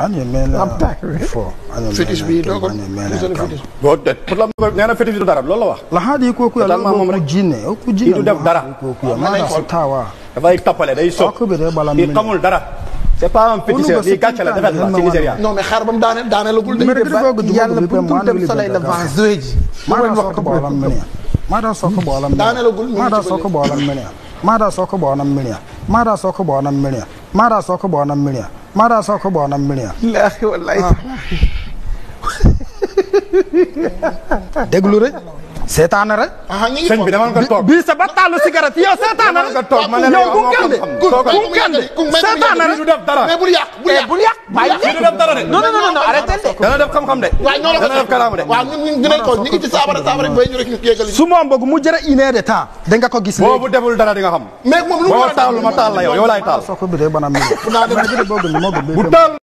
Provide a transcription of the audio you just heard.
année mel na am taag bi fo. fétiche bi doo ko boo pour la nee na fétiche du dara loolu la wax. la xaar yi kooku yàlla moom ku jinne ku jinne du def dara. dafay toppale day soog kii xamul dara. c'est pas un féticheur lii gàcce la defet la ci Nigéria. non mais xaar ba mu daane daaneelagul. mais rek di yàlla pour tout dem soleil levant zoé ji. maada soko bolam maada soko bolam menia maada soko bolam menia maada soko bolam menia maada soko bolam menia Mara soko bwana mmlia. Wallahi wallahi. Déglu rek. seetaana rek. sëñ bi dama nga toog bii sa battaalu cigarette yow seetaana rek. yow bu ngeen de bu ngeen de seetaana rek. Eh, bul yàq bul yàq bul yàq. su ma mbokk mu jëre une heure de da ko gis boobu deful dara di nga xam. mais moom lu mu war a taal ma taal la yow yow